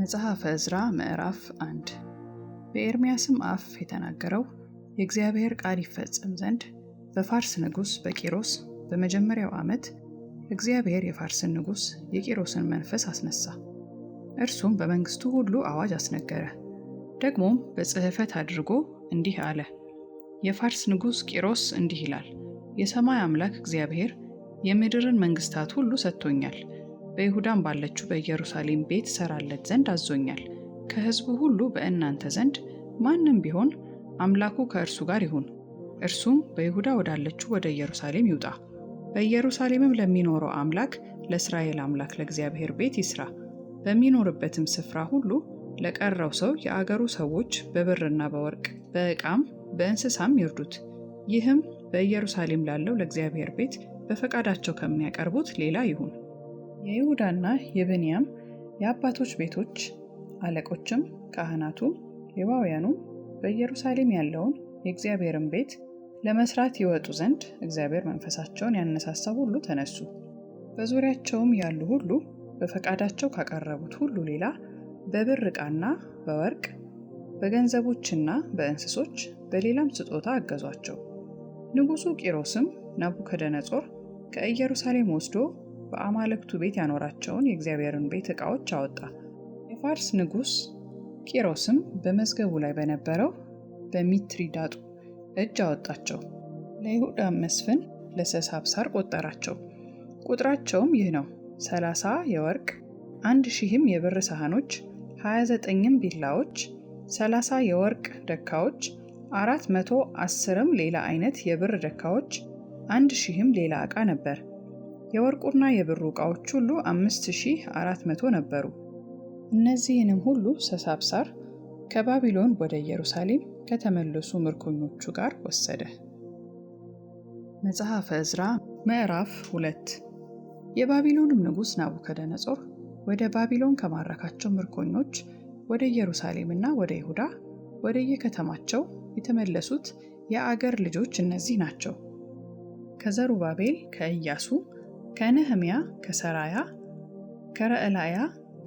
መጽሐፈ ዕዝራ ምዕራፍ አንድ በኤርምያስም አፍ የተናገረው የእግዚአብሔር ቃል ይፈጸም ዘንድ በፋርስ ንጉሥ በቂሮስ በመጀመሪያው ዓመት እግዚአብሔር የፋርስን ንጉሥ የቂሮስን መንፈስ አስነሳ። እርሱም በመንግሥቱ ሁሉ አዋጅ አስነገረ። ደግሞም በጽሕፈት አድርጎ እንዲህ አለ። የፋርስ ንጉሥ ቂሮስ እንዲህ ይላል፣ የሰማይ አምላክ እግዚአብሔር የምድርን መንግሥታት ሁሉ ሰጥቶኛል በይሁዳም ባለችው በኢየሩሳሌም ቤት ሰራለት ዘንድ አዞኛል። ከሕዝቡ ሁሉ በእናንተ ዘንድ ማንም ቢሆን አምላኩ ከእርሱ ጋር ይሁን፣ እርሱም በይሁዳ ወዳለችው ወደ ኢየሩሳሌም ይውጣ። በኢየሩሳሌምም ለሚኖረው አምላክ ለእስራኤል አምላክ ለእግዚአብሔር ቤት ይስራ። በሚኖርበትም ስፍራ ሁሉ ለቀረው ሰው የአገሩ ሰዎች በብርና በወርቅ በዕቃም በእንስሳም ይርዱት። ይህም በኢየሩሳሌም ላለው ለእግዚአብሔር ቤት በፈቃዳቸው ከሚያቀርቡት ሌላ ይሁን። የይሁዳና የብንያም የአባቶች ቤቶች አለቆችም ካህናቱ ሌዋውያኑ በኢየሩሳሌም ያለውን የእግዚአብሔርን ቤት ለመስራት ይወጡ ዘንድ እግዚአብሔር መንፈሳቸውን ያነሳሳው ሁሉ ተነሱ። በዙሪያቸውም ያሉ ሁሉ በፈቃዳቸው ካቀረቡት ሁሉ ሌላ በብር ዕቃና በወርቅ በገንዘቦችና በእንስሶች በሌላም ስጦታ አገዟቸው። ንጉሡ ቂሮስም ናቡከደነጾር ከኢየሩሳሌም ወስዶ በአማልክቱ ቤት ያኖራቸውን የእግዚአብሔርን ቤት ዕቃዎች አወጣ። የፋርስ ንጉሥ ቂሮስም በመዝገቡ ላይ በነበረው በሚትሪዳጡ እጅ አወጣቸው። ለይሁዳ መስፍን ለሰሳብሳር ቆጠራቸው። ቁጥራቸውም ይህ ነው፣ 30 የወርቅ አንድ ሺህም የብር ሳህኖች፣ 29ም ቢላዎች፣ ሰላሳ የወርቅ ደካዎች፣ አራት መቶ አስርም ሌላ አይነት የብር ደካዎች፣ አንድ ሺህም ሌላ ዕቃ ነበር። የወርቁና የብሩ ዕቃዎች ሁሉ 5400 ነበሩ። እነዚህንም ሁሉ ሰሳብሳር ከባቢሎን ወደ ኢየሩሳሌም ከተመለሱ ምርኮኞቹ ጋር ወሰደ። መጽሐፈ ዕዝራ ምዕራፍ 2 የባቢሎንም ንጉሥ ናቡከደነጾር ወደ ባቢሎን ከማረካቸው ምርኮኞች ወደ ኢየሩሳሌምና ወደ ይሁዳ ወደየከተማቸው የተመለሱት የአገር ልጆች እነዚህ ናቸው፦ ከዘሩባቤል፣ ከኢያሱ፣ ከነህምያ፣ ከሰራያ፣ ከረዕላያ፣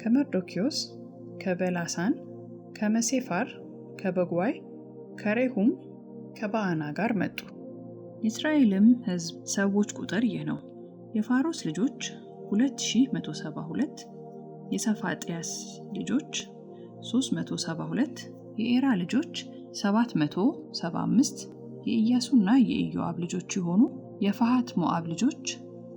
ከመርዶኪዮስ፣ ከበላሳን፣ ከመሴፋር፣ ከበጓይ፣ ከሬሁም፣ ከባዓና ጋር መጡ። የእስራኤልም ሕዝብ ሰዎች ቁጥር ይህ ነው። የፋሮስ ልጆች 2172፣ የሰፋጥያስ ልጆች 372፣ የኤራ ልጆች 775፣ የኢያሱና የኢዮአብ ልጆች የሆኑ የፋሃት ሞአብ ልጆች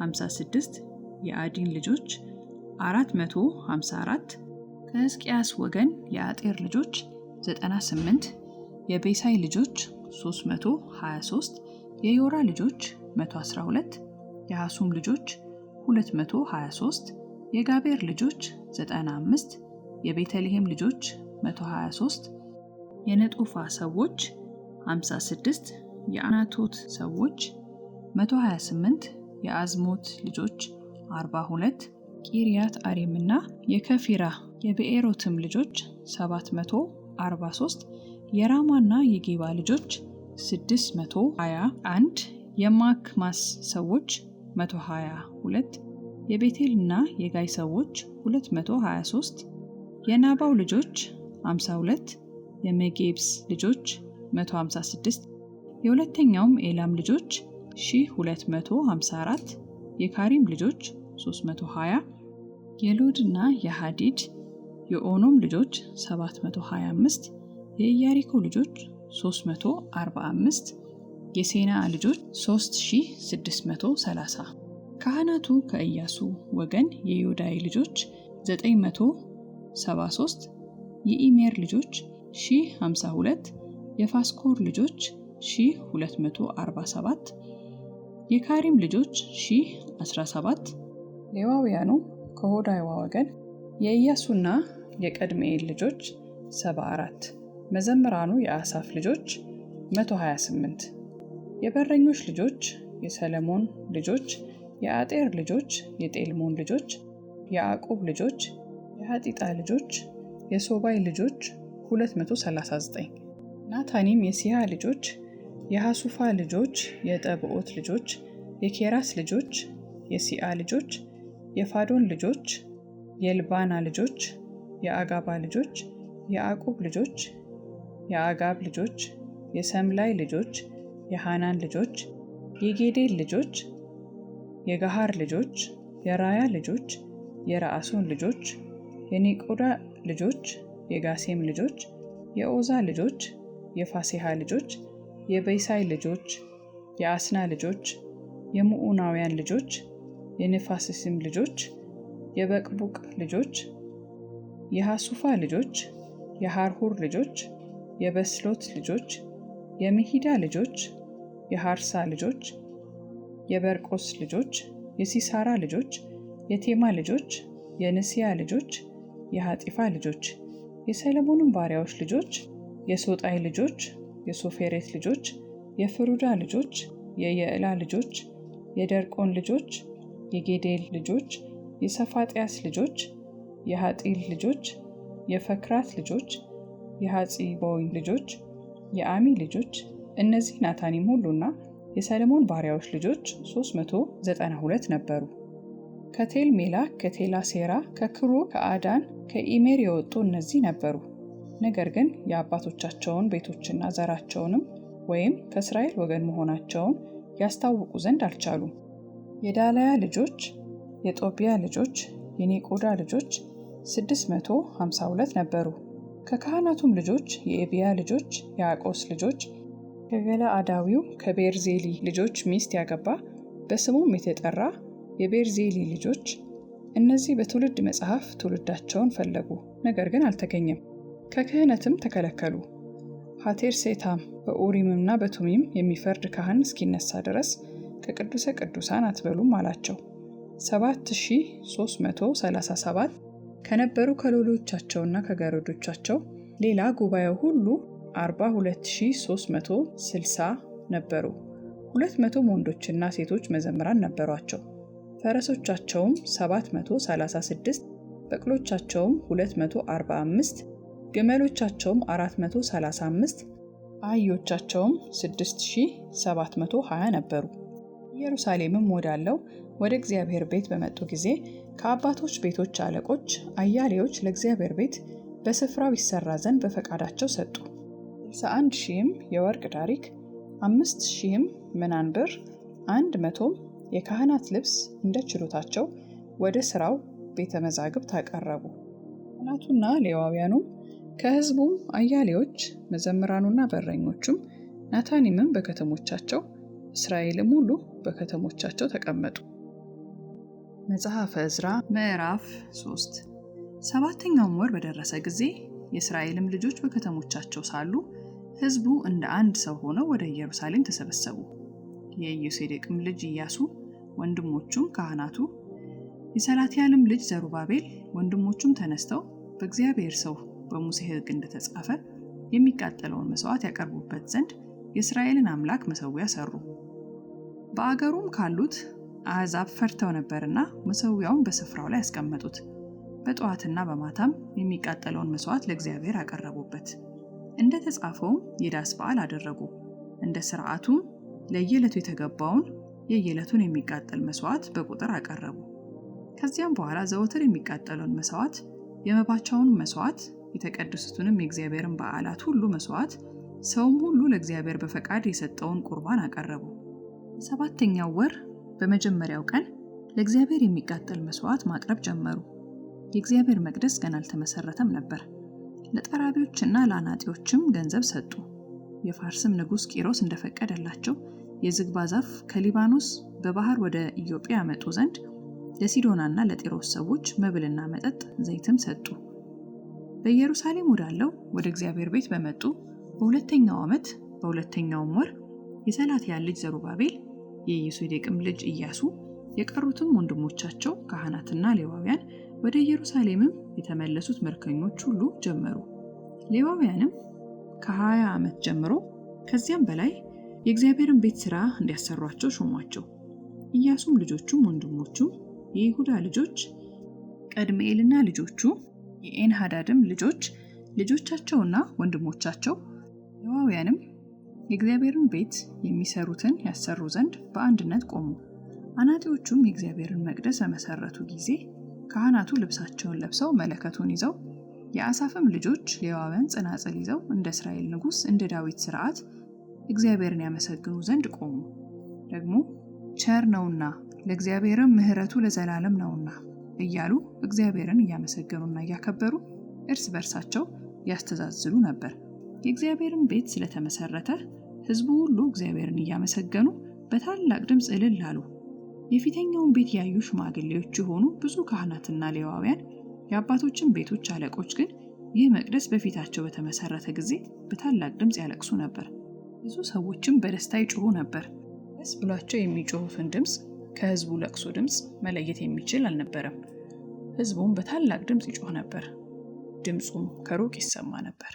56 የአዲን ልጆች 454 ከሕዝቅያስ ወገን የአጤር ልጆች 98 የቤሳይ ልጆች 323 የዮራ ልጆች 112 የሐሱም ልጆች 223 የጋቤር ልጆች 95 የቤተልሔም ልጆች 123 የነጦፋ ሰዎች 56 የአናቶት ሰዎች 128 የአዝሞት ልጆች 42 ቂርያት እና የከፊራ የብኤሮትም ልጆች 743 የራማና የጌባ ልጆች 621 የማክማስ ሰዎች 122 የቤቴልና የጋይ ሰዎች 223 የናባው ልጆች 52 የመጌብስ ልጆች 156 የሁለተኛውም ኤላም ልጆች 1254 የካሪም ልጆች 320 የሎድ እና የሃዲድ የኦኖም ልጆች 725 የኢያሪኮ ልጆች 345 የሴና ልጆች 3630 ካህናቱ ከኢያሱ ወገን የዮዳይ ልጆች 973 የኢሜር ልጆች 1052 የፋስኮር ልጆች 1247 የካሪም ልጆች ሺህ 17 ሌዋውያኑ ከሆዳይዋ ወገን የኢያሱና የቀድሜኤል ልጆች 74 መዘምራኑ የአሳፍ ልጆች 128 የበረኞች ልጆች የሰለሞን ልጆች የአጤር ልጆች የጤልሞን ልጆች የአቁብ ልጆች የሐጢጣ ልጆች የሶባይ ልጆች 239 ናታኒም የሲሃ ልጆች የሐሱፋ ልጆች የጠብኦት ልጆች የኬራስ ልጆች የሲአ ልጆች የፋዶን ልጆች የልባና ልጆች የአጋባ ልጆች የአቁብ ልጆች የአጋብ ልጆች የሰምላይ ልጆች የሃናን ልጆች የጌዴል ልጆች የጋሃር ልጆች የራያ ልጆች የረአሶን ልጆች የኔቆዳ ልጆች የጋሴም ልጆች የኦዛ ልጆች የፋሴሃ ልጆች የበይሳይ ልጆች፣ የአስና ልጆች፣ የሙዑናውያን ልጆች፣ የነፋስስም ልጆች፣ የበቅቡቅ ልጆች፣ የሐሱፋ ልጆች፣ የሐርሁር ልጆች፣ የበስሎት ልጆች፣ የምሂዳ ልጆች፣ የሐርሳ ልጆች፣ የበርቆስ ልጆች፣ የሲሳራ ልጆች፣ የቴማ ልጆች፣ የንስያ ልጆች፣ የሐጢፋ ልጆች፣ የሰለሞንም ባሪያዎች ልጆች የሶጣይ ልጆች የሶፌሬት ልጆች፣ የፍሩዳ ልጆች፣ የየዕላ ልጆች፣ የደርቆን ልጆች፣ የጌዴል ልጆች፣ የሰፋጥያስ ልጆች፣ የሐጢል ልጆች፣ የፈክራት ልጆች፣ የሐፂቦይ ልጆች፣ የአሚ ልጆች። እነዚህ ናታኒም ሁሉና የሰለሞን ባሪያዎች ልጆች 392 ነበሩ። ከቴልሜላ፣ ከቴላሴራ፣ ከክሩ፣ ከአዳን፣ ከኢሜር የወጡ እነዚህ ነበሩ። ነገር ግን የአባቶቻቸውን ቤቶችና ዘራቸውንም ወይም ከእስራኤል ወገን መሆናቸውን ያስታውቁ ዘንድ አልቻሉም። የዳላያ ልጆች፣ የጦቢያ ልጆች፣ የኔቆዳ ልጆች 652 ነበሩ። ከካህናቱም ልጆች የኤቢያ ልጆች፣ የአቆስ ልጆች፣ ከገለአዳዊው ከቤርዜሊ ልጆች ሚስት ያገባ በስሙም የተጠራ የቤርዜሊ ልጆች እነዚህ በትውልድ መጽሐፍ ትውልዳቸውን ፈለጉ፣ ነገር ግን አልተገኘም። ከክህነትም ተከለከሉ። ሀቴር ሴታም በኡሪምና በቱሚም የሚፈርድ ካህን እስኪነሳ ድረስ ከቅዱሰ ቅዱሳን አትበሉም አላቸው። 7337 ከነበሩ ከሎሎቻቸውና ከገረዶቻቸው ሌላ ጉባኤው ሁሉ 42360 ነበሩ። 200 ወንዶችና ሴቶች መዘምራን ነበሯቸው። ፈረሶቻቸውም 736 በቅሎቻቸውም 245 ግመሎቻቸውም 435 አህዮቻቸውም 6720 ነበሩ። ኢየሩሳሌምም ወዳለው ወደ እግዚአብሔር ቤት በመጡ ጊዜ ከአባቶች ቤቶች አለቆች አያሌዎች ለእግዚአብሔር ቤት በስፍራው ይሰራ ዘንድ በፈቃዳቸው ሰጡ። 61 ሺህም የወርቅ ዳሪክ፣ አምስት ሺህም ምናን ብር፣ አንድ መቶም የካህናት ልብስ እንደ ችሎታቸው ወደ ሥራው ቤተ መዛግብት አቀረቡ። ካህናቱና ሌዋውያኑም ከህዝቡም አያሌዎች መዘምራኑና በረኞቹም ናታኒምም በከተሞቻቸው እስራኤልም ሁሉ በከተሞቻቸው ተቀመጡ። መጽሐፈ ዕዝራ ምዕራፍ 3 ሰባተኛውም ወር በደረሰ ጊዜ የእስራኤልም ልጆች በከተሞቻቸው ሳሉ ህዝቡ እንደ አንድ ሰው ሆነው ወደ ኢየሩሳሌም ተሰበሰቡ። የኢዮሴዴቅም ልጅ እያሱ ወንድሞቹም ካህናቱ፣ የሰላትያልም ልጅ ዘሩባቤል፣ ወንድሞቹም ተነስተው በእግዚአብሔር ሰው በሙሴ ሕግ እንደተጻፈ የሚቃጠለውን መስዋዕት ያቀርቡበት ዘንድ የእስራኤልን አምላክ መሰዊያ ሰሩ። በአገሩም ካሉት አሕዛብ ፈርተው ነበርና መሰዊያውን በስፍራው ላይ ያስቀመጡት። በጠዋትና በማታም የሚቃጠለውን መስዋዕት ለእግዚአብሔር አቀረቡበት። እንደ ተጻፈውም የዳስ በዓል አደረጉ። እንደ ሥርዓቱም ለየዕለቱ የተገባውን የየዕለቱን የሚቃጠል መስዋዕት በቁጥር አቀረቡ። ከዚያም በኋላ ዘወትር የሚቃጠለውን መስዋዕት የመባቻውን መስዋዕት የተቀደሱትንም የእግዚአብሔርን በዓላት ሁሉ መስዋዕት፣ ሰውም ሁሉ ለእግዚአብሔር በፈቃድ የሰጠውን ቁርባን አቀረቡ። ሰባተኛው ወር በመጀመሪያው ቀን ለእግዚአብሔር የሚቃጠል መስዋዕት ማቅረብ ጀመሩ። የእግዚአብሔር መቅደስ ገና አልተመሰረተም ነበር። ለጠራቢዎችና ለአናጢዎችም ገንዘብ ሰጡ። የፋርስም ንጉሥ ቂሮስ እንደፈቀደላቸው የዝግባ ዛፍ ከሊባኖስ በባህር ወደ ኢዮጵያ ያመጡ ዘንድ ለሲዶናና ለጢሮስ ሰዎች መብልና መጠጥ ዘይትም ሰጡ። በኢየሩሳሌም ወዳለው ወደ እግዚአብሔር ቤት በመጡ በሁለተኛው ዓመት በሁለተኛውም ወር የሰላትያል ልጅ ዘሩባቤል የኢዮሴዴቅም ልጅ ኢያሱ የቀሩትም ወንድሞቻቸው ካህናትና ሌዋውያን ወደ ኢየሩሳሌምም የተመለሱት መርከኞች ሁሉ ጀመሩ። ሌዋውያንም ከ20 ዓመት ጀምሮ ከዚያም በላይ የእግዚአብሔርን ቤት ሥራ እንዲያሰሯቸው ሾሟቸው። ኢያሱም ልጆቹም ወንድሞቹም የይሁዳ ልጆች ቀድምኤልና ልጆቹ የኤንሃዳድም ልጆች ልጆቻቸውና ወንድሞቻቸው ሌዋውያንም የእግዚአብሔርን ቤት የሚሰሩትን ያሰሩ ዘንድ በአንድነት ቆሙ። አናጢዎቹም የእግዚአብሔርን መቅደስ በመሰረቱ ጊዜ ካህናቱ ልብሳቸውን ለብሰው መለከቱን ይዘው የአሳፍም ልጆች ሌዋውያን ጽናጽል ይዘው እንደ እስራኤል ንጉሥ እንደ ዳዊት ስርዓት እግዚአብሔርን ያመሰግኑ ዘንድ ቆሙ። ደግሞ ቸር ነውና ለእግዚአብሔርም ምህረቱ ለዘላለም ነውና እያሉ እግዚአብሔርን እያመሰገኑና እያከበሩ እርስ በርሳቸው ያስተዛዝሉ ነበር። የእግዚአብሔርን ቤት ስለተመሰረተ ሕዝቡ ሁሉ እግዚአብሔርን እያመሰገኑ በታላቅ ድምፅ እልል አሉ። የፊተኛውን ቤት ያዩ ሽማግሌዎች የሆኑ ብዙ ካህናትና ሌዋውያን የአባቶችን ቤቶች አለቆች ግን ይህ መቅደስ በፊታቸው በተመሰረተ ጊዜ በታላቅ ድምፅ ያለቅሱ ነበር። ብዙ ሰዎችም በደስታ ይጮሁ ነበር። ደስ ብሏቸው የሚጮሁትን ድምፅ ከህዝቡ ለቅሶ ድምፅ መለየት የሚችል አልነበረም። ህዝቡም በታላቅ ድምፅ ይጮህ ነበር። ድምፁም ከሩቅ ይሰማ ነበር።